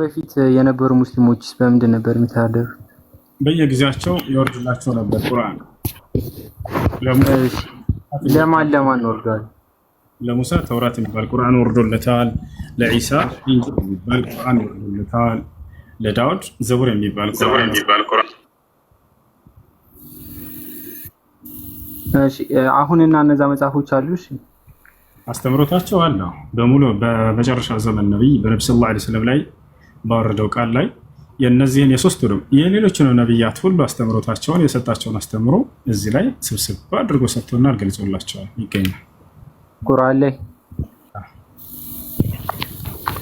በፊት የነበሩ ሙስሊሞችስ በምንድን ነበር የሚተዳደሩ? በየጊዜያቸው የወርድላቸው ነበር ቁርአን። ለማን ለማን ወርዷል? ለሙሳ ተውራት የሚባል ቁርአን ወርዶለታል። ለኢሳ ኢንጂል የሚባል ቁርአን ወርዶለታል። ለዳውድ ዘቡር የሚባል ቁርአን። እሺ አሁን እና እነዛ መጽሐፎች አሉ። እሺ አስተምሮታቸው አለ በሙሉ በመጨረሻ ዘመን ነቢይ በነብዩ ሰለላሁ ዐለይሂ ወሰለም ላይ ባወረደው ቃል ላይ የእነዚህን የሶስቱንም የሌሎችንም ነቢያት ሁሉ አስተምሮታቸውን የሰጣቸውን አስተምሮ እዚህ ላይ ስብስብ አድርጎ ሰጥቶናል፣ ገልጾላቸዋል ይገኛል ቁርአን ላይ።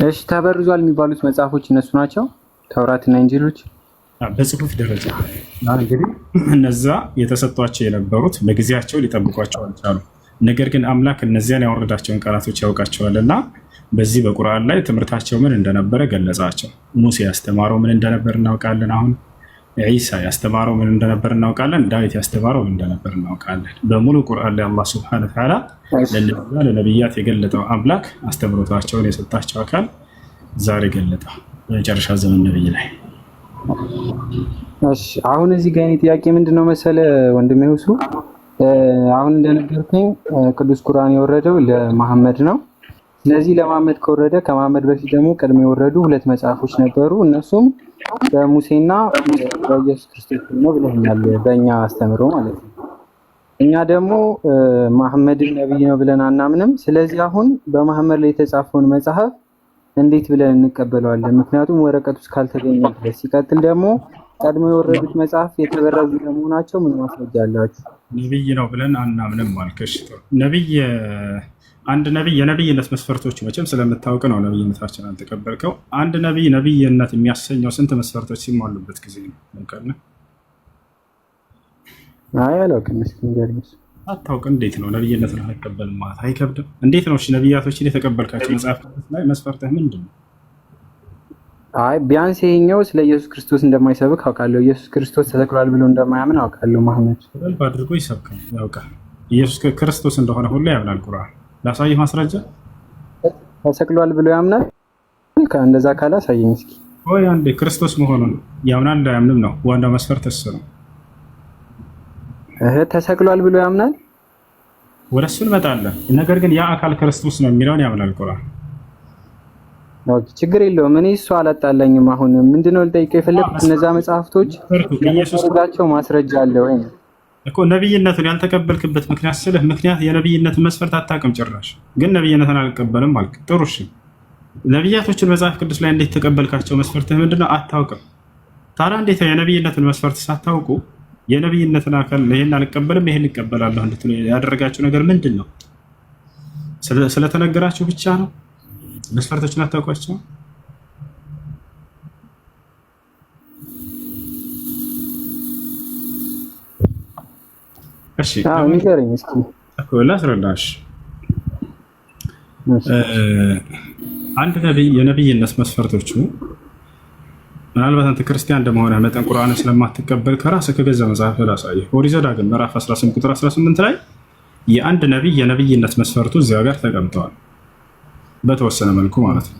እሺ ተበርዟል የሚባሉት መጽሐፎች እነሱ ናቸው ተውራትና እንጅሎች በጽሁፍ ደረጃ እንግዲህ እነዛ የተሰጧቸው የነበሩት በጊዜያቸው ሊጠብቋቸው አልቻሉ። ነገር ግን አምላክ እነዚያን ያወረዳቸውን ቃላቶች ያውቃቸዋልና በዚህ በቁርአን ላይ ትምህርታቸው ምን እንደነበረ ገለጻቸው። ሙሴ ያስተማረው ምን እንደነበር እናውቃለን። አሁን ዒሳ ያስተማረው ምን እንደነበር እናውቃለን። ዳዊት ያስተማረው ምን እንደነበር እናውቃለን። በሙሉ ቁርአን ላይ አላህ ስብሐነ ወተዓላ ለነዛ ለነቢያት የገለጠው አምላክ አስተምሮታቸውን የሰጣቸው አካል ዛሬ ገለጠ በመጨረሻ ዘመን ነብይ ላይ። አሁን እዚህ ጋር ጥያቄ ምንድነው መሰለ ወንድሜ ውሱ? አሁን እንደነገርኩኝ ቅዱስ ቁርአን የወረደው ለመሐመድ ነው። ስለዚህ ለመሐመድ ከወረደ ከመሐመድ በፊት ደግሞ ቀድሞ የወረዱ ሁለት መጽሐፎች ነበሩ። እነሱም በሙሴና በኢየሱስ ክርስቶስ ነው ብለኛል፣ በእኛ አስተምሮ ማለት ነው። እኛ ደግሞ መሐመድን ነቢይ ነው ብለን አናምንም። ስለዚህ አሁን በመሐመድ ላይ የተጻፈውን መጽሐፍ እንዴት ብለን እንቀበለዋለን? ምክንያቱም ወረቀቱ እስካልተገኘ ድረስ። ሲቀጥል ደግሞ ቀድሞ የወረዱት መጽሐፍ የተበረዙ ለመሆናቸው ምን ማስረጃ አላችሁ? ነብይ ነው ብለን አናምንም አልከሽ። ነብይ አንድ ነብይ የነብይነት መስፈርቶች መቼም ስለምታውቅ ነው ነብይነታችን አልተቀበልከው። አንድ ነብይ ነብይነት የሚያሰኘው ስንት መስፈርቶች ሲሟሉበት ጊዜ ነው? ቀነ አያለውቅም አታውቅ። እንዴት ነው ነብይነትን አልቀበልም ማለት አይከብድም? እንዴት ነው እሺ፣ ነብያቶችን የተቀበልካቸው መጽሐፍ ላይ መስፈርትህ ምንድን ነው? አይ ቢያንስ ይሄኛው ስለ ኢየሱስ ክርስቶስ እንደማይሰብክ አውቃለሁ። ኢየሱስ ክርስቶስ ተሰቅሏል ብሎ እንደማያምን አውቃለሁ። ማህመድ በልብ አድርጎ ይሰብካል፣ ያውቃል። ኢየሱስ ክርስቶስ እንደሆነ ሁሉ ያምናል። ቁርአን ላሳይህ ማስረጃ። ተሰቅሏል ብሎ ያምናል። እንደዛ ካለ አሳየኝ እስኪ። ወይ አንዴ ክርስቶስ መሆኑን ያምናል እንዳያምንም ነው ዋናው መስፈርት እሱ ነው። ተሰቅሏል ብሎ ያምናል። ወደ እሱ እንመጣለን። ነገር ግን ያ አካል ክርስቶስ ነው የሚለውን ያምናል ቁርአን ኦኬ፣ ችግር የለውም። እኔ እሱ አላጣለኝም አሁን ምንድነው ልጠይቀው የፈለግኩት እነዛ መጽሐፍቶች ጋቸው ማስረጃ አለ ወይ እኮ ነብይነቱን ያልተቀበልክበት ምክንያት ስልህ ምክንያት የነብይነትን መስፈርት አታውቅም። ጭራሽ ግን ነብይነትን አልቀበልም አልክ። ጥሩ እሺ፣ ነብያቶችን መጽሐፍ ቅዱስ ላይ እንዴት ተቀበልካቸው? መስፈርትህ ምንድነው? አታውቅም። ታዲያ እንዴት የነብይነትን መስፈርት ሳታውቁ የነብይነትን አካል ይህን አልቀበልም ይሄን ይቀበላለሁ እንድትሉ ያደረጋችሁ ነገር ምንድን ነው? ስለተነገራችሁ ብቻ ነው? መስፈርቶችን አታውቋቸው። እሺ ላስረዳሽ። አንድ ነቢይ የነቢይነት መስፈርቶቹ ምናልባት አንተ ክርስቲያን እንደመሆነ መጠን ቁርአንን ስለማትቀበል ከራስ ከገዛ መጽሐፍ ላሳየ ኦሪት ዘዳግም ምዕራፍ 18 ቁጥር 18 ላይ የአንድ ነቢይ የነቢይነት መስፈርቱ እዚያ ጋር ተቀምጠዋል። በተወሰነ መልኩ ማለት ነው።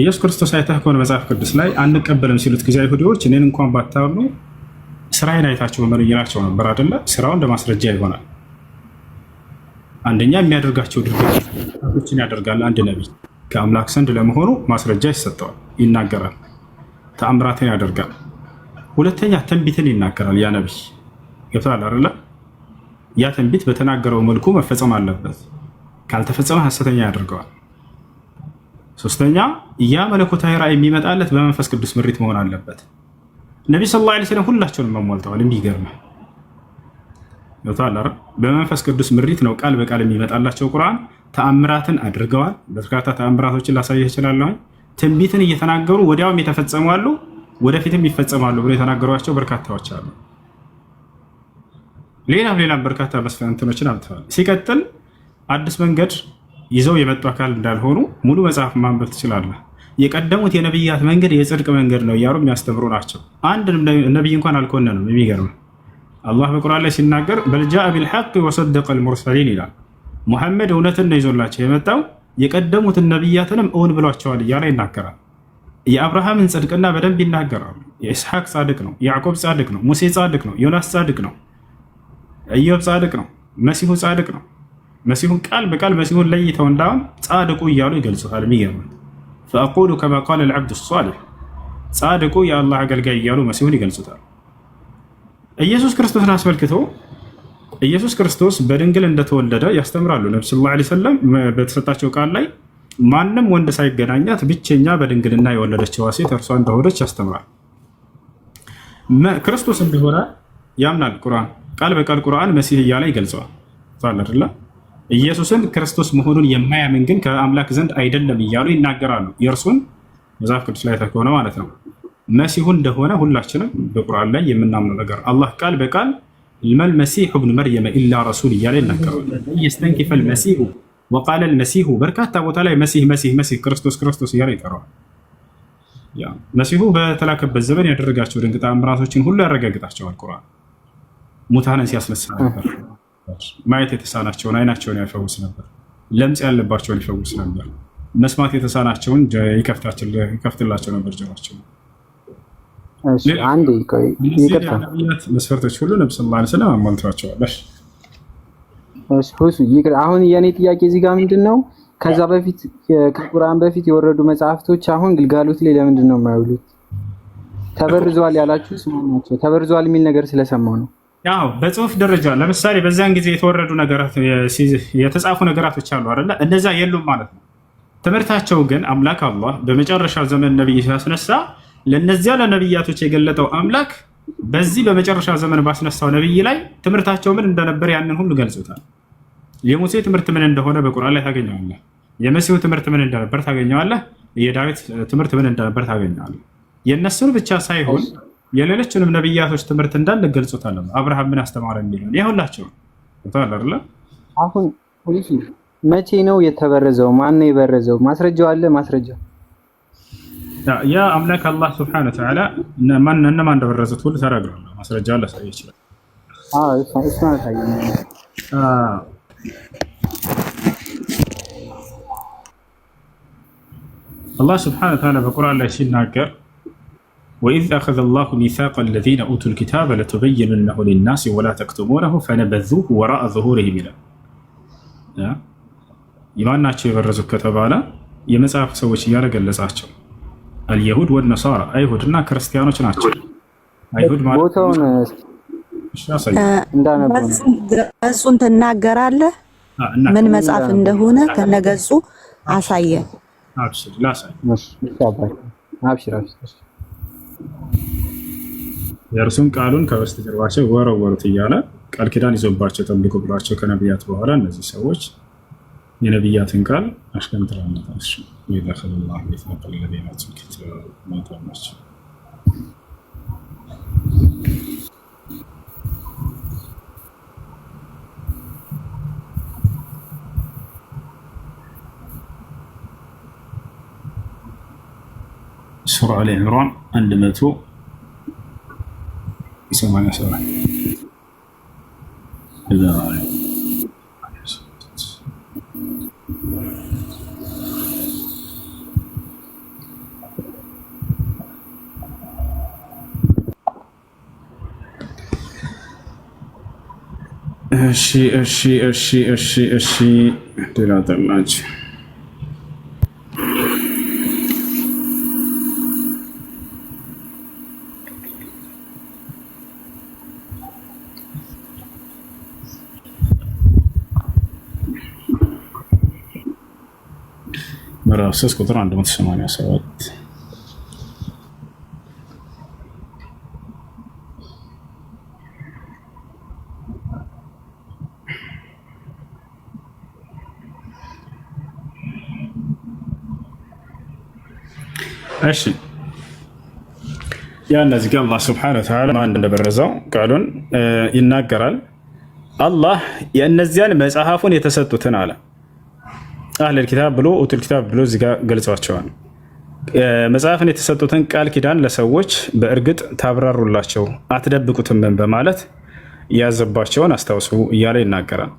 ኢየሱስ ክርስቶስ አይተህ ከሆነ መጽሐፍ ቅዱስ ላይ አንቀበልም ሲሉት ጊዜ አይሁዲዎች እኔን እንኳን ባታምኑ ስራዬን አይታቸው መመኑ ይላቸው ነበር አደለ? ስራውን ለማስረጃ ይሆናል። አንደኛ የሚያደርጋቸው ድርጊቶችን ያደርጋል። አንድ ነቢይ ከአምላክ ዘንድ ለመሆኑ ማስረጃ ይሰጠዋል፣ ይናገራል፣ ተአምራትን ያደርጋል። ሁለተኛ ትንቢትን ይናገራል። ያ ነቢይ ገብቶሃል አይደለ? ያ ትንቢት በተናገረው መልኩ መፈጸም አለበት። ካልተፈጸመ ሐሰተኛ ያደርገዋል። ሶስተኛ ያ መለኮታዊ ራእይ የሚመጣለት በመንፈስ ቅዱስ ምሪት መሆን አለበት። ነቢ ስ ላ ወሰለም ሁላቸውን መሟልተዋል። እንዲገርመ ታላረ በመንፈስ ቅዱስ ምሪት ነው ቃል በቃል የሚመጣላቸው ቁርአን። ተአምራትን አድርገዋል። በርካታ ተአምራቶችን ላሳየ እችላለሁ። ትንቢትን እየተናገሩ ወዲያውም የተፈጸሙ አሉ፣ ወደፊትም ይፈጸማሉ ብሎ የተናገሯቸው በርካታዎች አሉ። ሌላም ሌላም በርካታ መስፈንትኖችን አምጥተዋል። ሲቀጥል አዲስ መንገድ ይዘው የመጡ አካል እንዳልሆኑ ሙሉ መጽሐፍ ማንበብ ትችላለህ። የቀደሙት የነቢያት መንገድ የጽድቅ መንገድ ነው እያሉ የሚያስተምሩ ናቸው። አንድ ነቢይ እንኳን አልኮነንም። የሚገርም አላህ በቁርአን ላይ ሲናገር በልጃ ቢልሐቅ ወሰደቀ ልሙርሰሊን ይላል። ሙሐመድ እውነትን ነው ይዞላቸው የመጣው የቀደሙትን ነቢያትንም እውን ብሏቸዋል እያለ ይናገራል። የአብርሃምን ጽድቅና በደንብ ይናገራሉ። የኢስሐቅ ጻድቅ ነው፣ ያዕቆብ ጻድቅ ነው፣ ሙሴ ጻድቅ ነው፣ ዮናስ ጻድቅ ነው፣ ኢዮብ ጻድቅ ነው፣ መሲሁ ጻድቅ ነው። መሲሁን ቃል በቃል መሲሁን ለይተው እንዳሁን ጻድቁ እያሉ ይገልጹታል። የሚገርም ፈአቁሉ ከማ ቃል ልዓብድ ሳሌሕ ጻድቁ የአላህ አገልጋይ እያሉ መሲሁን ይገልጹታል። ኢየሱስ ክርስቶስን አስመልክቶ ኢየሱስ ክርስቶስ በድንግል እንደተወለደ ያስተምራሉ። ነቢ ስለ ላ ሰለም በተሰጣቸው ቃል ላይ ማንም ወንድ ሳይገናኛት ብቸኛ በድንግልና የወለደችዋ ሴት እርሷ እንደሆነች ያስተምራል። ክርስቶስ እንደሆነ ያምናል። ቁርአን ቃል በቃል ቁርአን መሲህ እያለ ይገልጸዋል። አይደለም ኢየሱስን ክርስቶስ መሆኑን የማያምን ግን ከአምላክ ዘንድ አይደለም እያሉ ይናገራሉ። የእርሱን መጽሐፍ ቅዱስ ላይ ከሆነ ማለት ነው። መሲሁ እንደሆነ ሁላችንም በቁርአን ላይ የምናምነው ነገር አላህ ቃል በቃል መልመሲሑ ብን መርየመ ኢላ ረሱል እያለ ይናገራል። የስተንኪፈ መሲሁ ወቃለ መሲሁ በርካታ ቦታ ላይ መሲህ መሲህ መሲህ ክርስቶስ ክርስቶስ እያለ ይጠራዋል። መሲሁ በተላከበት ዘመን ያደረጋቸው ድንቅ ተአምራቶችን ሁሉ ያረጋግጣቸዋል። ቁርአን ሙታንን ሲያስነሳ ነበር። ማየት የተሳናቸውን አይናቸውን ያፈውስ ነበር። ለምጽ ያለባቸውን ይፈውስ ነበር። መስማት የተሳናቸውን ይከፍትላቸው ነበር ጆሯቸውን። ነቢያት መስፈርቶች ሁሉ ነብስ ላ ስለም አሟልተዋቸዋለሽ። አሁን የእኔ ጥያቄ እዚህ ጋር ምንድን ነው? ከዛ በፊት ከቁርአን በፊት የወረዱ መጽሐፍቶች አሁን ግልጋሎት ላይ ለምንድን ነው የማይውሉት? ተበርዟል ያላችሁ ስሙ ተበርዟል የሚል ነገር ስለሰማው ነው ያው በጽሁፍ ደረጃ ለምሳሌ በዚያን ጊዜ የተወረዱ ነገራት የተጻፉ ነገራቶች አሉ አይደለ? እነዛ የሉም ማለት ነው። ትምህርታቸው ግን አምላክ አላህ በመጨረሻ ዘመን ነቢይ ሲያስነሳ ለነዚያ ለነቢያቶች የገለጠው አምላክ በዚህ በመጨረሻ ዘመን ባስነሳው ነቢይ ላይ ትምህርታቸው ምን እንደነበር ያንን ሁሉ ገልጾታል። የሙሴ ትምህርት ምን እንደሆነ በቁርአን ላይ ታገኘዋለህ። የመሲሁ ትምህርት ምን እንደነበር ታገኘዋለህ። የዳዊት ትምህርት ምን እንደነበር ታገኘዋለህ። የእነሱን ብቻ ሳይሆን የሌሎችንም ነብያቶች ትምህርት እንዳለ ገልጾታለን። አብርሃም ምን አስተማረ የሚለውን የሁላቸው አይደለ። አሁን መቼ ነው የተበረዘው? ማን ነው የበረዘው? ማስረጃው አለ። ማስረጃው ያ አምላክ አላህ ስብሐነ ወተዓላ ማን እነማን እንደበረዙት ሁሉ ተናግሯል። ማስረጃ አለ። ሰው ይችላል። አዎ እሱን አሳየን። አዎ አላህ ስብሐነ ወተዓላ በቁርአን ላይ ሲናገር ወኢዝ አኸዘ ላሁ ሚሳቅ ለዚነ ኡቱል ኪታበ ለቱበይኑነሁ ሊናሲ ወላ ተክቱሙነሁ ፈነበዙሁ ወራአ ዙሁሪሂም ይላል። የማን የበረዙት ከተባለ የመጽሐፍ ሰዎች እያለ ገለጻቸው። አልየሁድ ወነሳራ አይሁድ እና ክርስቲያኖች ናቸው። አይሁድ ገጹን ትናገራለህ። ምን መጽሐፍ እንደሆነ ከነገጹ አሳየን። የእርሱም ቃሉን ከበስተጀርባቸው ወረወሩት እያለ ቃል ኪዳን ይዞባቸው ጠብቁ ብሏቸው ከነቢያት በኋላ እነዚህ ሰዎች የነቢያትን ቃል አሽከንትራነታች ሱራ አሊ ዕምራን አንድ መቶ ሰማንያ ሰባት እሺ እሺ እሺ እሺ እሺ ሌላ ጠላች ምዕራፍ 3 ቁጥር 187 እሺ ያ እነዚህ ጋር አላህ ስብሐነ ወተዓላ ማን እንደበረዘው ቃሉን ይናገራል። አላህ የእነዚያን መጽሐፉን የተሰጡትን አለ አህለል ኪታብ ብሎ ኡቱል ኪታብ ብሎ እዚጋ ገልጿቸዋል። መጽሐፍን የተሰጡትን ቃል ኪዳን ለሰዎች በእርግጥ ታብራሩላቸው አትደብቁትምን በማለት ያዘባቸውን አስታውሱ እያለ ይናገራል።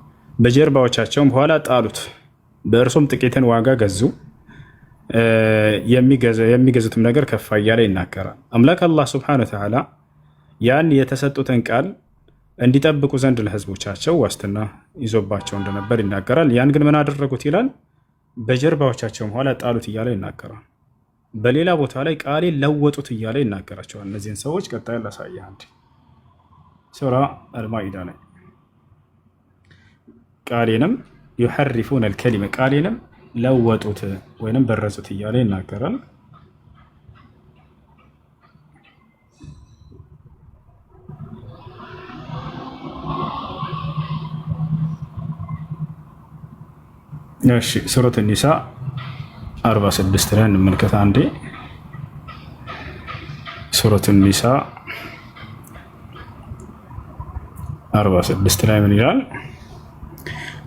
በጀርባዎቻቸውም በኋላ ጣሉት፣ በእርሱም ጥቂትን ዋጋ ገዙ፣ የሚገዙትም ነገር ከፋ እያለ ይናገራል። አምላክ አላህ ስብሐነ ወተዓላ ያን የተሰጡትን ቃል እንዲጠብቁ ዘንድ ለህዝቦቻቸው ዋስትና ይዞባቸው እንደነበር ይናገራል። ያን ግን ምን አደረጉት ይላል በጀርባዎቻቸውም ኋላ ጣሉት እያለ ይናገራል። በሌላ ቦታ ላይ ቃሌ ለወጡት እያለ ይናገራቸዋል። እነዚህን ሰዎች ቀጣይ ላሳየ አንድ ሱራ አልማኢዳ ላይ ቃሌንም ዩሐሪፉን አልከሊመ ቃሌንም ለወጡት ወይንም በረጹት እያለ ይናገራል። እሺ ሱረት ኒሳ 46 ላይ እንመልከት አንዴ። ሱረት ኒሳ 46 ላይ ምን ይላል?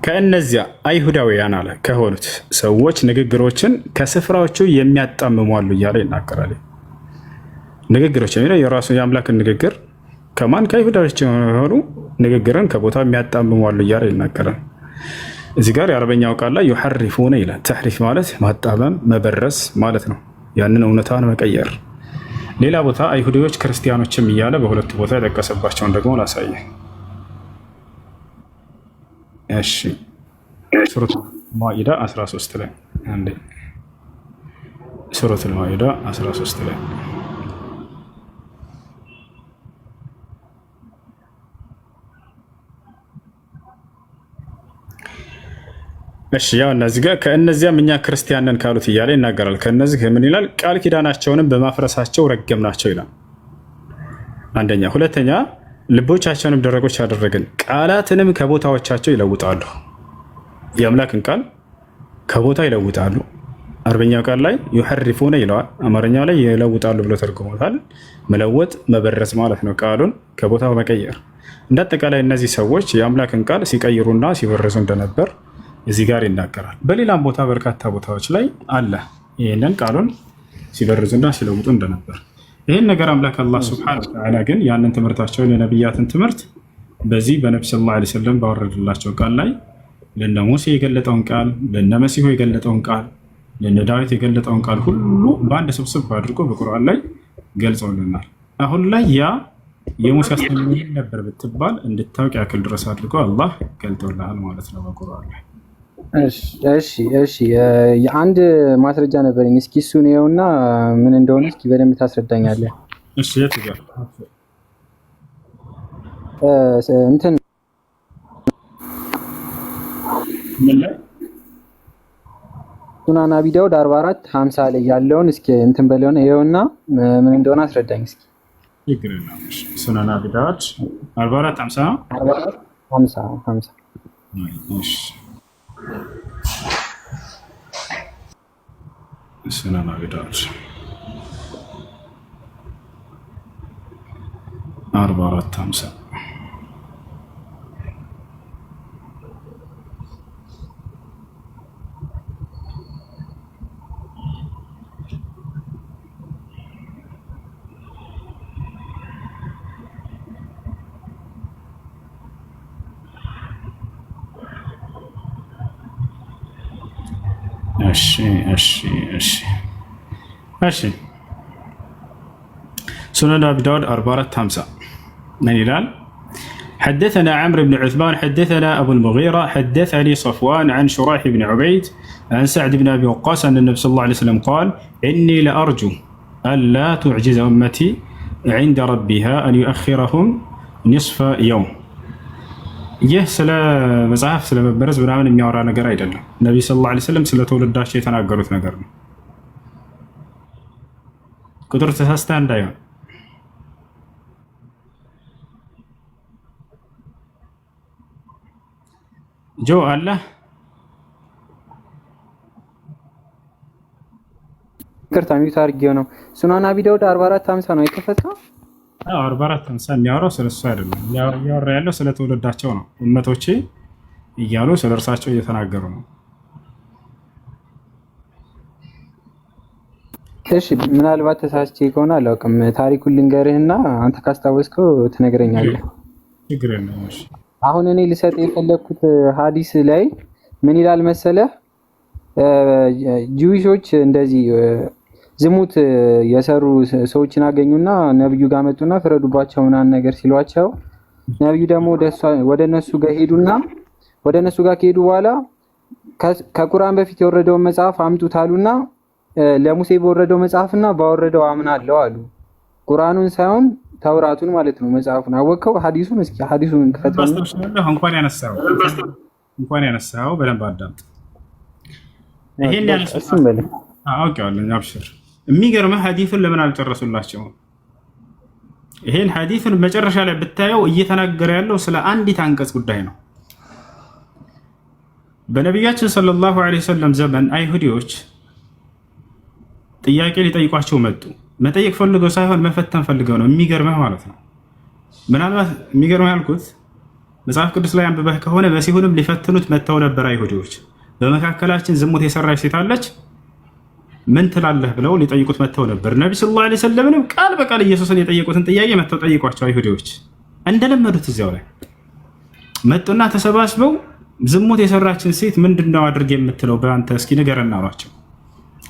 ከእነዚያ አይሁዳውያን አለ ከሆኑት ሰዎች ንግግሮችን ከስፍራዎቹ የሚያጣምሙ አሉ እያለ ይናገራል። ንግግሮች የሚለው የራሱ የአምላክን ንግግር ከማን ከአይሁዳዎች የሆኑ ንግግርን ከቦታ የሚያጣምሙ አሉ እያለ ይናገራል። እዚህ ጋር የአረበኛው ቃል ላይ ዩሐሪፉነ ይላል። ተሕሪፍ ማለት ማጣመም፣ መበረስ ማለት ነው። ያንን እውነታን መቀየር። ሌላ ቦታ አይሁዶች ክርስቲያኖችም እያለ በሁለቱ ቦታ የጠቀሰባቸውን ደግሞ ላሳየ። እሺ ሱረት ማኢዳ 13 ላይ ማኢዳ 13 ላይ እሺ ያው እነዚህ ጋር ከእነዚያም እኛ ክርስቲያንን ካሉት እያለ ይናገራል። ከእነዚህ ምን ይላል? ቃል ኪዳናቸውንም በማፍረሳቸው ረገምናቸው ይላል። አንደኛ። ሁለተኛ ልቦቻቸውንም ደረቆች አደረግን፣ ቃላትንም ከቦታዎቻቸው ይለውጣሉ። የአምላክን ቃል ከቦታ ይለውጣሉ። አርበኛው ቃል ላይ ዩሐሪፉነ ይለዋል። አማርኛው ላይ ይለውጣሉ ብሎ ተርጉሞታል። መለወጥ መበረዝ ማለት ነው። ቃሉን ከቦታው መቀየር። እንደ አጠቃላይ እነዚህ ሰዎች የአምላክን ቃል ሲቀይሩና ሲበረዙ እንደነበር እዚህ ጋር ይናገራል። በሌላም ቦታ በርካታ ቦታዎች ላይ አለ። ይህንን ቃሉን ሲበርዙና ሲለውጡ እንደነበር ይህን ነገር አምላክ አላህ ስብሐነሁ ወተዓላ ግን ያንን ትምህርታቸውን የነቢያትን ትምህርት በዚህ በነቢ ሰለላሁ ዐለይሂ ወሰለም ባወረድላቸው ቃል ላይ ለነ ሙሴ የገለጠውን ቃል፣ ለነ መሲሁ የገለጠውን ቃል፣ ለነ ዳዊት የገለጠውን ቃል ሁሉ በአንድ ስብስብ አድርጎ በቁርአን ላይ ገልጸውልናል። አሁን ላይ ያ የሙሴ አስተምሮ ነበር ብትባል እንድታውቅ ያክል ድረስ አድርጎ አላህ ገልጦልሃል ማለት ነው በቁርአን ላይ እሺ እሺ፣ አንድ ማስረጃ ነበረኝ። እስኪ እሱን ይኸውና፣ ምን እንደሆነ እስኪ በደንብ ታስረዳኛለህ? እሺ፣ የት ጋር እንትን 44 50 ላይ ያለውን እስኪ እንትን በለውና ይኸውና፣ ምን እንደሆነ አስረዳኝ እስኪ። ሱናን አቢ ዳውድ 44 50 50 50 Sina na vidal አርባ አራት ሀምሳ ماشي እሺ እሺ እሺ سنن أبي داود 44 من يلال حدثنا عمرو بن عثمان حدثنا أبو المغيرة حدثني صفوان عن شريح بن عبيد عن سعد بن أبي وقاص أن النبي صلى الله عليه وسلم قال إني لأرجو ألا تعجز أمتي عند ربها أن يؤخرهم نصف يوم ይህ ስለ መጽሐፍ ስለ መበረዝ ምናምን የሚያወራ ነገር አይደለም። ነቢ ሰለላሁ ዓለይሂ ወሰለም ስለ ትውልዳቸው የተናገሩት ነገር ነው። ቁጥር ተሳስተ እንዳይሆን ጆ አለ ይቅርታ ሚዩት አድርጌው ነው። ሱናን አቢ ዳውድ 44 5 ነው የከፈተው አርባ አራት ሃምሳ የሚያወራው ስለ እሱ አይደለም። እያወራ ያለው ስለ ትውልዳቸው ነው። እመቶቼ እያሉ ስለ እርሳቸው እየተናገሩ ነው። እሺ ምናልባት ተሳስቼ ከሆነ አላውቅም። ታሪኩን ልንገርህና አንተ ካስታወስከው ትነግረኛለህ። አሁን እኔ ልሰጥ የፈለግኩት ሀዲስ ላይ ምን ይላል መሰለህ ጂዊሾች እንደዚህ ዝሙት የሰሩ ሰዎችን አገኙና ነብዩ ጋር መጡና ፍረዱባቸው ምናምን ነገር ሲሏቸው ነብዩ ደግሞ ወደ እነሱ ጋር ሄዱና ወደ እነሱ ጋር ከሄዱ በኋላ ከቁርአን በፊት የወረደውን መጽሐፍ አምጡት አሉና ለሙሴ በወረደው መጽሐፍና ባወረደው አምናለሁ አሉ። ቁርአኑን ሳይሆን ተውራቱን ማለት ነው። መጽሐፉን አወቀው። ሐዲሱን እስኪ ሐዲሱን ከፈተው እንኳን ያነሳው እንኳን ያነሳው በደንብ አዳምጥ። ይሄን ያነሳው አውቄዋለሁ። አብሽር የሚገርመህ ሀዲፍን ለምን አልጨረሱላቸውም? ይሄን ሀዲፍን መጨረሻ ላይ ብታየው እየተናገረ ያለው ስለ አንዲት አንቀጽ ጉዳይ ነው። በነቢያችን ሰለላሁ ዐለይሂ ወሰለም ዘመን አይሁዲዎች ጥያቄ ሊጠይቋቸው መጡ። መጠየቅ ፈልገው ሳይሆን መፈተን ፈልገው ነው። የሚገርመህ ማለት ነው። ምናልባት የሚገርመህ ያልኩት መጽሐፍ ቅዱስ ላይ አንብበህ ከሆነ መሲሁንም ሊፈትኑት መጥተው ነበር አይሁዲዎች። በመካከላችን ዝሙት የሰራች ሴት አለች ምን ትላለህ ብለው ሊጠይቁት መጥተው ነበር። ነቢ ስ ላ ሰለምንም ቃል በቃል ኢየሱስን የጠየቁትን ጥያቄ መጥተው ጠይቋቸው አይሁዲዎች እንደለመዱት እዚያው ላይ መጡና ተሰባስበው ዝሙት የሰራችን ሴት ምንድነው አድርግ የምትለው በአንተ እስኪ ንገረን አሏቸው።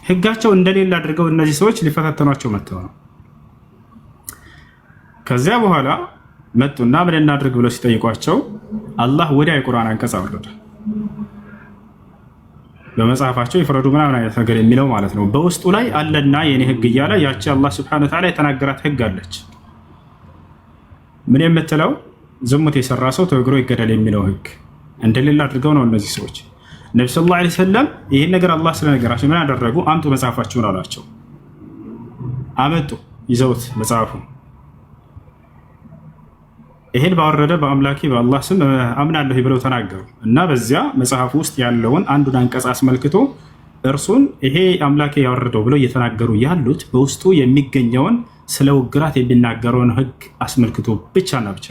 ህጋቸው እንደሌለ አድርገው እነዚህ ሰዎች ሊፈታተኗቸው መጥተው ነው። ከዚያ በኋላ መጡና ምን እናድርግ ብለው ሲጠይቋቸው አላህ ወዲያ የቁርአን አንቀጽ አወረደ። በመጽሐፋቸው ይፍረዱ ምናምን አይነት ነገር የሚለው ማለት ነው። በውስጡ ላይ አለና የኔ ህግ እያለ ያቺ አላህ ስብሐነ ወተዓላ የተናገራት ህግ አለች። ምን የምትለው ዝሙት የሰራ ሰው ተወግሮ ይገደል የሚለው ህግ እንደሌላ አድርገው ነው እነዚህ ሰዎች። ነቢ ስለ ላ ሰለም ይህን ነገር አላህ ስለነገራቸው ምን አደረጉ? አምጡ መጽሐፋችሁን አሏቸው። አመጡ ይዘውት መጽሐፉን ይሄን ባወረደ በአምላኬ በአላህ ስም አምናለሁ ብለው ተናገሩ እና በዚያ መጽሐፍ ውስጥ ያለውን አንዱን አንቀጽ አስመልክቶ እርሱን ይሄ አምላኬ ያወረደው ብለው እየተናገሩ ያሉት በውስጡ የሚገኘውን ስለ ውግራት የሚናገረውን ሕግ አስመልክቶ ብቻና ብቻ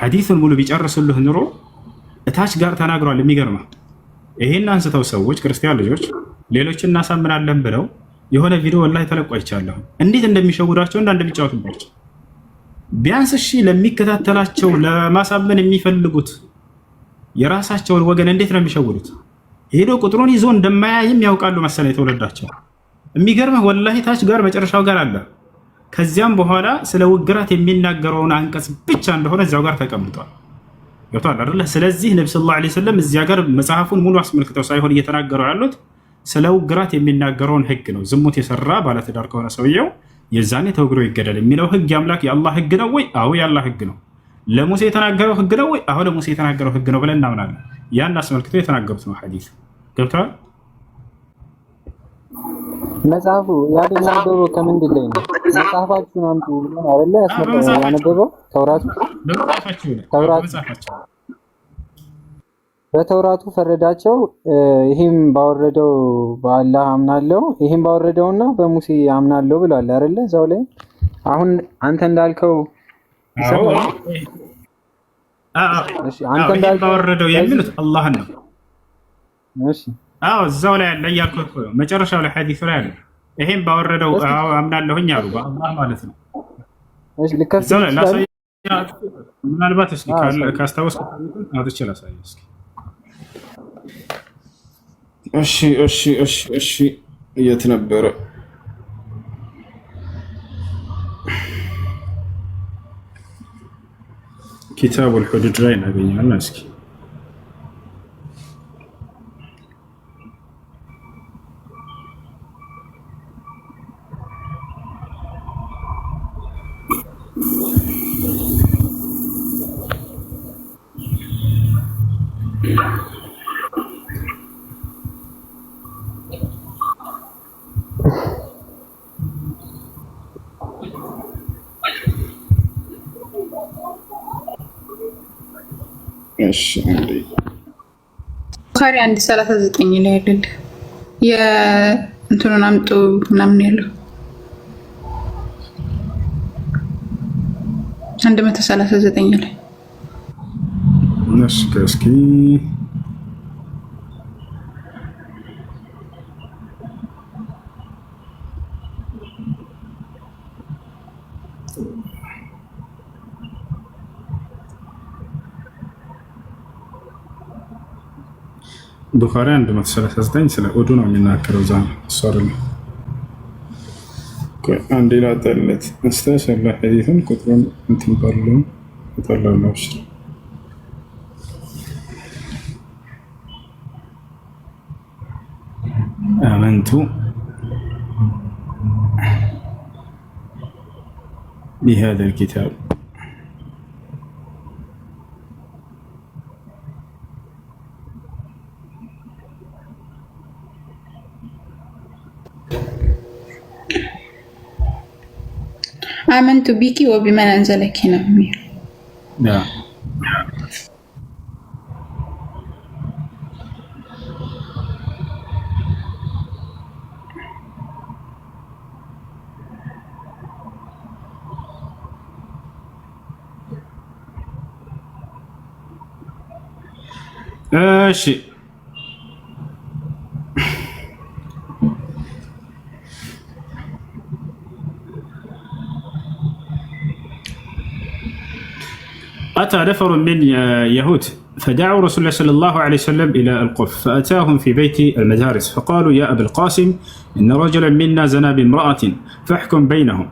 ሐዲሱን ሙሉ ቢጨርስልህ ኑሮ እታች ጋር ተናግሯል። የሚገርማ ይሄን አንስተው ሰዎች ክርስቲያን ልጆች ሌሎች እናሳምናለን ብለው የሆነ ቪዲዮ ላይ ተለቋ ይቻለሁ እንዴት እንደሚሸውዳቸው እና እንደሚጫወቱባቸው ቢያንስ እሺ ለሚከታተላቸው ለማሳመን የሚፈልጉት የራሳቸውን ወገን እንዴት ነው የሚሸውዱት? ሄዶ ቁጥሩን ይዞ እንደማያይም ያውቃሉ መሰለ የተወለዳቸው። የሚገርምህ ወላሂ ታች ጋር መጨረሻው ጋር አለ። ከዚያም በኋላ ስለ ውግራት የሚናገረውን አንቀጽ ብቻ እንደሆነ እዚያው ጋር ተቀምጧል። ገብቷል አይደለ? ስለዚህ ነቢ ስ ላ ስለም እዚያ ጋር መጽሐፉን ሙሉ አስመልክተው ሳይሆን እየተናገረው ያሉት ስለ ውግራት የሚናገረውን ህግ ነው። ዝሙት የሰራ ባለትዳር ከሆነ ሰውየው የዛኔ ተወግሮ ይገደል የሚለው ህግ የአምላክ የአላህ ህግ ነው ወይ? አሁ የአላህ ህግ ነው። ለሙሴ የተናገረው ህግ ነው ወይ? አሁ ለሙሴ የተናገረው ህግ ነው ብለን እናምናለን። ያን አስመልክቶ የተናገሩት ነው ሐዲስ ገብተዋል። መጽሐፉ ያደናገበው ከምንድን ላይ ነው? መጽሐፋችሁን አምጡ ብለን አለ ያስነበበው ያነበበው ተውራቱ ተውራቱ በተውራቱ ፈረዳቸው። ይህም ባወረደው በአላህ አምናለው፣ ይህም ባወረደውና በሙሴ አምናለው ብሏል አይደለ? እዛው ላይ አሁን አንተ እንዳልከው አንተ የሚሉት አላህን ነው። አዎ፣ እዛው ላይ ያለ እያልኩህ ነው። መጨረሻው ላይ ሐዲሱ ላይ አለ። ይሄም ባወረደው አምናለሁኝ አሉ፣ ማለት ነው። ምናልባት እስኪ ካስታወስ አቶ እስኪ እሺ እሺ እሺ እሺ የት ነበረ? ኪታቡል ሁዱድ ላይ እናገኛለን። እስኪ Yeah. እሺ አንድ ሰላሳ ዘጠኝ ላይ ያለል የእንትኑን አምጡ ምናምን ያለው አንድ መቶ ሰላሳ ዘጠኝ ላይ እሺ ከእስኪ ቡኻሪ 139 ስለ ኡዱ ነው የሚናገረው። ዛ ሶር አንድ ላጠለት መስታሽ ያለ ሐዲትን ቁጥሩን እንትን ባሉ ይጠላሉ ሽር አመንቱ بهذا الكتاب آمنت بك وبما أنزلك هنا نعم ماشي آه، أتى نفر من يهود فدعوا رسول الله صلى الله عليه وسلم إلى القف فأتاهم في بيت المدارس فقالوا يا أبا القاسم إن رجلا منا زنى بامرأة فاحكم بينهم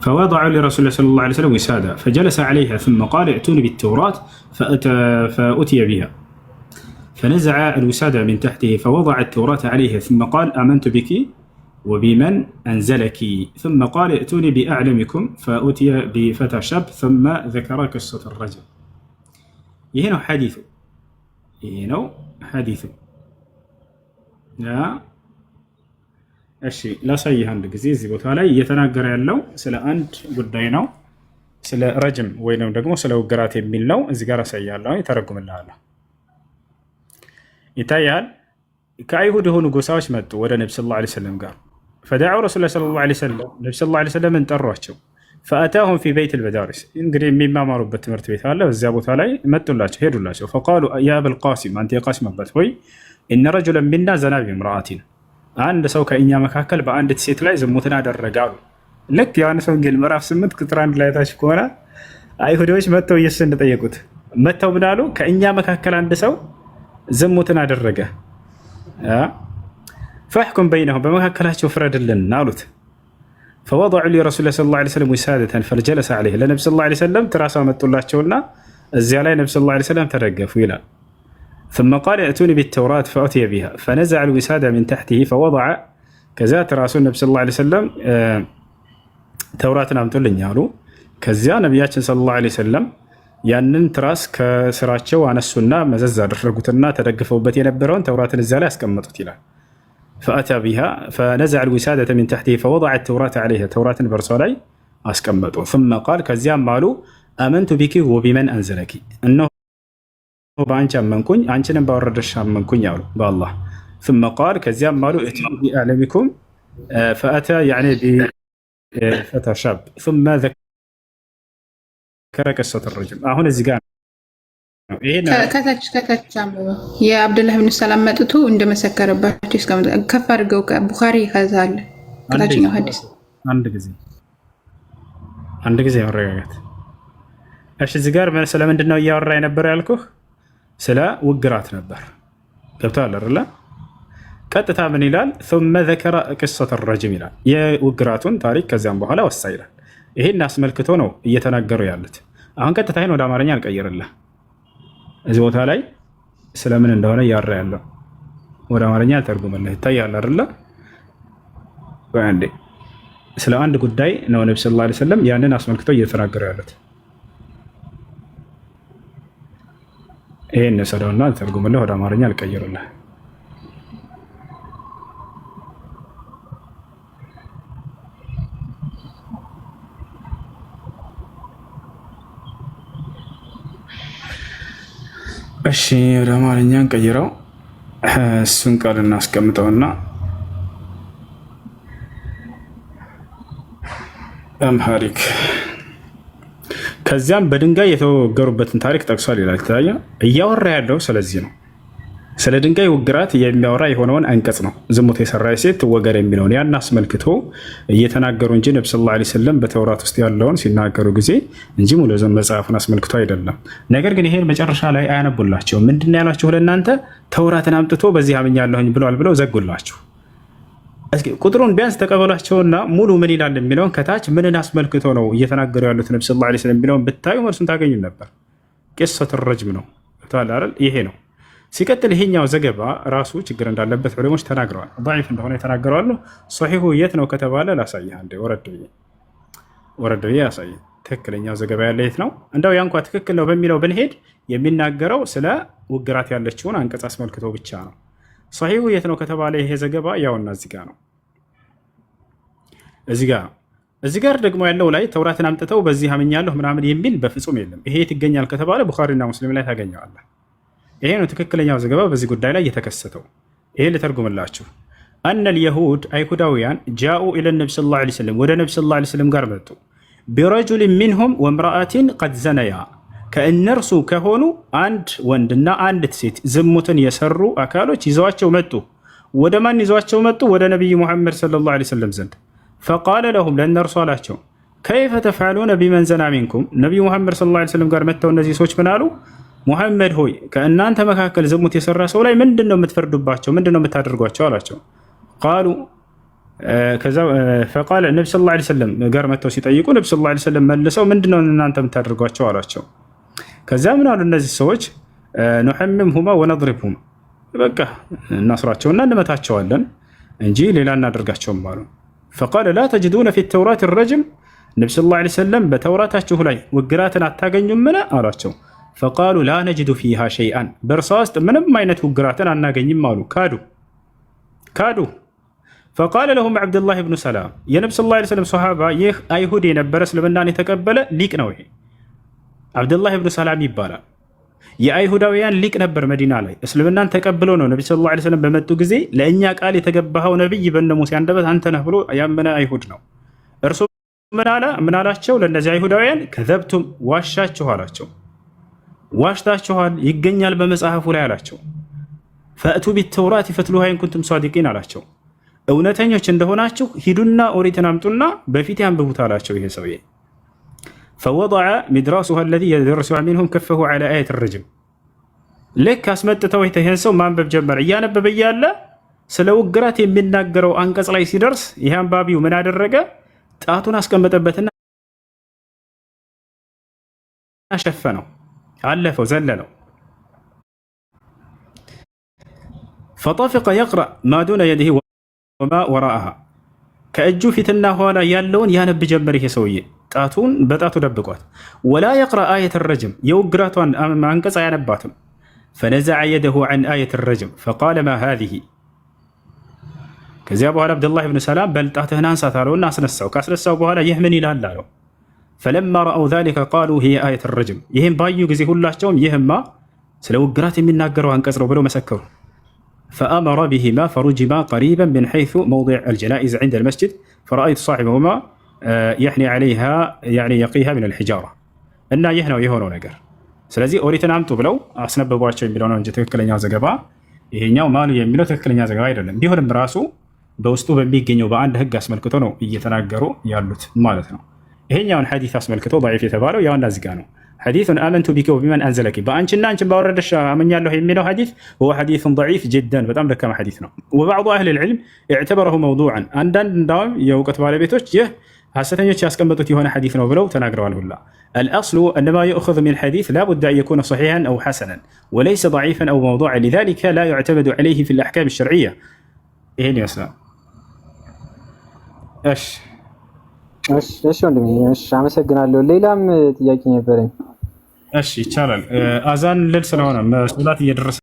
فوضعوا لرسول الله صلى الله عليه وسلم وسادة فجلس عليها ثم قال ائتوني بالتوراة فأتى فأتي بها فنزع الوسادة من تحته فوضع التوراة عليها ثم قال آمنت بك ወቢመን አንዘለኪ ثم قال ائتوني بأعلمكم فأتي بفتى شاب ثم ذكر قصة الرجل ይሄ ነው ሐዲሱ ይሄ ነው ሐዲሱ እሺ ላሳይህ አንድ ጊዜ እዚህ ቦታ ላይ እየተናገረ ያለው ስለ አንድ ጉዳይ ነው ስለ ረጅም ወይም ደግሞ ስለ ውግራት የሚል ነው እዚህ ጋር አሳያለሁ ተረጉምልሃለሁ ይታያል ከአይሁድ የሆኑ ጎሳዎች መጡ ወደ ነቢ ስለ ላ ሰለም ጋር ፈዳው ረሱላ ሰለላሁ ዐለይሂ ወሰለም ነቢ ሰለላሁ ዐለይሂ ወሰለምን ጠሯቸው። ፈአታሁም ፊ በይት ልመዳሪስ እንግዲህ የሚማማሩበት ትምህርት ቤት አለ። በዚያ ቦታ ላይ መጡላቸው፣ ሄዱላቸው። ፈቃሉ ያ አበልቃሲም አንተ የቃሲም አባት ሆይ እነ ረጁለን ሚና ዘና ቢምርአቲን አንድ ሰው ከእኛ መካከል በአንዲት ሴት ላይ ዝሙትን አደረገ አሉ። ልክ ዮሐንስ ወንጌል ምዕራፍ ስምንት ቁጥር አንድ ላይ ታች ከሆነ አይሁዶች መጥተው ኢየሱስ እንደጠየቁት መጥተው ምናሉ? ከእኛ መካከል አንድ ሰው ዝሙትን አደረገ فاحكم بينهم بمكاكلات وفرد لنا قالت فوضعوا لي رسول الله صلى الله عليه وسلم وسادة فجلس عليه لنبي صلى الله عليه وسلم تراسوا مطلعتشونا ازي علي نبي صلى الله عليه وسلم ترقفوا الى ثم قال ائتوني بالتوراة فأتي بها فنزع الوسادة من تحته فوضع كذا تراسل النبي صلى الله عليه وسلم آه، توراتنا من تلني قالوا كذا نبياتش صلى الله عليه وسلم يانن تراس كسراتشو وانا السنة مززا رفرقوتنا تدقفوا بتي نبرون توراتنا الزالة اسكمتوا تلال ፈአታ ቢሃ ፈነዘዐ ልዊሳደተ ሚን ተሕቲ ፈወضዐ ተውራተ ዐለይሃ ተውራትን በእርሷ ላይ አስቀመጡ። ثመ ቃል ከዚያም አሉ አመንቱ ቢኪ ወቢመን አንዘለኪ እነሆ በአንቺ አመንኩኝ አንቺንም ባወረደሽ አመንኩኝ አሉ በአላህ ثመ ቃል ከዚያም አሉ እቲ ቢአዕለሚኩም ፈአታ ያዕኒ ቢፈታ ሻብ ثመ ዘከረ ቀሰተ ረጅም አሁን እዚህ ጋር ከታች ከታች አንብበው የአብዱላህ ብን ሰላም መጥቶ እንደመሰከረባቸው እስከመጣ ከፍ አድርገው ቡኻሪ ከዛለ ከታችኛው ሐዲስ አንድ ጊዜ አንድ ጊዜ አረጋጋት። እሺ፣ እዚህ ጋር ስለምንድን ነው እያወራ የነበረ ያልኩህ? ስለ ውግራት ነበር። ገብተዋል አይደለ? ቀጥታ ምን ይላል? ثመ ذكر قصة ረጅም ይላል። የውግራቱን ታሪክ ከዚያም በኋላ ወሳ ይላል። ይሄን አስመልክቶ ነው እየተናገሩ ያሉት። አሁን ቀጥታ ይሄን ወደ አማርኛ አልቀየርልህ እዚህ ቦታ ላይ ስለምን እንደሆነ እያወራ ያለው ወደ አማርኛ ተርጉምልህ ይታያል አይደለ? ስለ አንድ ጉዳይ ነው ነቢ ስለ ላ ሰለም ያንን አስመልክተው እየተናገሩ ያሉት። ይህን ሰደውና ተርጉምልህ ወደ አማርኛ አልቀይሩልህ እሺ ወደ አማርኛ እንቀይረው። እሱን ቃል እናስቀምጠውና አምሃሪክ ከዚያም በድንጋይ የተወገሩበትን ታሪክ ጠቅሷል ይላል። ተታየ እያወራ ያለው ስለዚህ ነው። ስለ ድንጋይ ውግራት የሚያወራ የሆነውን አንቀጽ ነው። ዝሙት የሰራ ሴት ትወገር የሚለውን ያን አስመልክቶ እየተናገሩ እንጂ ነብ ሰለላሁ ላ ስለም በተውራት ውስጥ ያለውን ሲናገሩ ጊዜ እንጂ ሙሉ መጽሐፉን አስመልክቶ አይደለም። ነገር ግን ይሄን መጨረሻ ላይ አያነቡላቸው። ምንድን ያሏቸው? ለእናንተ ተውራትን አምጥቶ በዚህ አምኛለሁኝ ብለዋል ብለው ዘጉላችሁ። ቁጥሩን ቢያንስ ተቀበሏቸውና ሙሉ ምን ይላል የሚለውን ከታች ምንን አስመልክቶ ነው እየተናገሩ ያሉት ነብ ሰለላሁ ዐለይሂ ወሰለም የሚለውን ብታዩ መልሱን ታገኙ ነበር። ቂሰቱ ረጅም ነው ይሄ ነው ሲቀጥል ይሄኛው ዘገባ ራሱ ችግር እንዳለበት ዑለሞች ተናግረዋል። ضعيف እንደሆነ የተናገረዋሉ። ሶሒሁ የት ነው ከተባለ ላሳይህ አንዴ ወረድ ብዬ ወረድ ብዬ ያሳይህ። ትክክለኛው ዘገባ ያለ የት ነው? እንደው ያንኳ ትክክል ነው በሚለው ብንሄድ የሚናገረው ስለ ውግራት ያለችውን አንቀጽ አስመልክቶ ብቻ ነው። ሶሒሁ የት ነው ከተባለ ይሄ ዘገባ ያውና እዚህ ጋ ነው። እዚህ ጋ ነው እዚህ ጋር ደግሞ ያለው ላይ ተውራትን አምጥተው በዚህ አምኛለሁ ምናምን የሚል በፍጹም የለም። ይሄ የት ይገኛል ከተባለ ቡኻሪና ሙስሊም ላይ ታገኘዋለህ። ይሄ ነው ትክክለኛው ዘገባ በዚህ ጉዳይ ላይ የተከሰተው። ይሄ ልተርጉምላችሁ። አነል የሁድ አይሁዳውያን ጃኡ ኢለ ነቢ ስ ላ ስለም ወደ ነቢ ስ ላ ስለም ጋር መጡ። ቢረጁሊን ሚንሁም ወምራአትን ቀድ ዘነያ ከእነርሱ ከሆኑ አንድ ወንድና አንድ ሴት ዝሙትን የሰሩ አካሎች ይዘዋቸው መጡ። ወደ ማን ይዘዋቸው መጡ? ወደ ነቢይ ሙሐመድ ሰለላሁ ላ ስለም ዘንድ ፈቃለ ለሁም ለእነርሱ አላቸው ከይፈ ተፍዓሉነ ቢመንዘና ሚንኩም ነቢይ ሙሐመድ ሰለላሁ ጋር መጥተው እነዚህ ሰዎች ምን አሉ? ሙሐመድ ሆይ ከእናንተ መካከል ዝሙት የሰራ ሰው ላይ ምንድን ነው የምትፈርዱባቸው? ምንድን ነው የምታደርጓቸው? አላቸው። ቃሉ ፈቃለ ነቢ ስ ላ ሰለም ጋር መጥተው ሲጠይቁ ነቢ ስ ላ ሰለም መልሰው ምንድን ነው እናንተ የምታደርጓቸው? አላቸው። ከዚያ ምን አሉ እነዚህ ሰዎች ኑሐምም ሁማ ወነድሪብ ሁማ በቃ እናስራቸውና እንመታቸዋለን እንጂ ሌላ እናደርጋቸውም አሉ። ፈቃለ ላ ተጅዱነ ፊ ተውራት ረጅም ነቢ ስ ላ ሰለም በተውራታችሁ ላይ ውግራትን አታገኙምን? አላቸው ፈቃሉ ላ ነጅዱ ፊሃ ሸይአን በእርሷ ውስጥ ምንም አይነት ውግራትን አናገኝም አሉ። ካዱ ካዱ። ፈቃለ ለሁም ዐብድላህ ብኑ ሰላም የነብ ስ ላ ስለም ሰሓባ ይህ አይሁድ የነበረ እስልምናን የተቀበለ ሊቅ ነው። ይሄ ዐብድላህ ብኑ ሰላም ይባላል። የአይሁዳውያን ሊቅ ነበር። መዲና ላይ እስልምናን ተቀብለው ነው ነቢ ስለ ላ ስለም በመጡ ጊዜ ለእኛ ቃል የተገባኸው ነቢይ በነ ሙሴ አንደበት አንተ ነህ ብሎ ያመነ አይሁድ ነው። እርሱ ምናላቸው ለእነዚህ አይሁዳውያን ከዘብቱም ዋሻችሁ አላቸው ዋሽታችኋል፣ ይገኛል በመጽሐፉ ላይ አላቸው። ፈእቱ ቢተውራት ፈትሉሃ ኢን ኩንቱም ሷዲቂን አላቸው። እውነተኞች እንደሆናችሁ ሂዱና ኦሪትን አምጡና በፊት ያንብቡት አላቸው። ይሄ ሰውዬ ፈወضዐ ሚድራሱሃ አለዚ የደርሱሃ ሚንሁም ከፈሁ ዐላ አየት ረጅም ልክ አስመጥተው ይህን ሰው ማንበብ ጀመረ። እያነበበ እያለ ስለ ውግራት የሚናገረው አንቀጽ ላይ ሲደርስ ይህ አንባቢው ምን አደረገ? ጣቱን አስቀመጠበትና ሸፈነው። አለፈው ዘለለው። ፈጠፊቀ የቅረእ ማ ዱነ የድህ ወማ ወራአሃ ከእጁ ፊትና ኋላ ያለውን ያነብ ጀመር። ይሄ ሰውዬ ጣቱን በጣቱ ደብቋት። ወላ የቅረእ አየት ረጅም የውግራቷን አንቀጽ አያነባትም። ፈነዘዐ የደሁ ዐን አየት ረጅም ፈቃለ ማ ሃዚህ ከዚያ በኋላ አብደላህ ብን ሰላም በል ጣትህን አንሳት አለውና አስነሳው። ካስነሳው በኋላ ይህ ምን ይላል አለው ፈለማ ረአው ዛሊከ ቃሉ ሂየ አየት ረጅም። ይህም ባዩ ጊዜ ሁላቸውም ይህማ ስለ ውግራት የሚናገረው አንቀጽ ነው ብለው መሰከሩ። ፈአመረ ብሂማ ፈሩጅማ ቀሪበን ምን ሐይሱ መውዲዕ አልጀናኢዝ ዐንደ አልመስጅድ ፈረአይቱ ሳሒበሁማ የሕኒ ዐለይሃ የቂሃ ሚነል ሒጃራ። እና ይህ ነው የሆነው ነገር። ስለዚህ ኦሪትን አምጡ ብለው አስነበቧቸው የሚለው ነው እንጂ ትክክለኛው ዘገባ ይሄኛው ማሉ የሚለው ትክክለኛ ዘገባ አይደለም። ቢሆንም ራሱ በውስጡ በሚገኘው በአንድ ህግ አስመልክቶ ነው እየተናገሩ ያሉት ማለት ነው። ይሄኛውን ሐዲስ አስመልክቶ ضعيف የተባለው ያው ላዝጋ ነው። ሐዲሱን አመንቱ ቢኪ ወቢመን አንዘለኪ በአንቺና አንቺን ባወረደሽ አመኛለሁ የሚለው ሐዲስ هو حديث ضعيف جدا በጣም ደካማ ሐዲስ ነው። وبعض اهل العلم اعتبره موضوعا አንዳንድ እንዳውም የእውቀት ባለቤቶች ይህ ሐሰተኞች ያስቀመጡት የሆነ ሐዲስ ነው ብለው ተናግረዋል ሁላ الأصل أن ما يؤخذ من الحديث لا بد أن يكون صحيحا أو حسنا وليس ضعيفا أو موضوعا لذلك لا يعتمد عليه في الأحكام الشرعية ይሄን ይመስላል እሺ እሺ ወንድሜ፣ እሺ አመሰግናለሁ። ሌላም ጥያቄ ነበረኝ። እሺ ይቻላል። አዛን ልል ስለሆነ መስላት እየደረሰ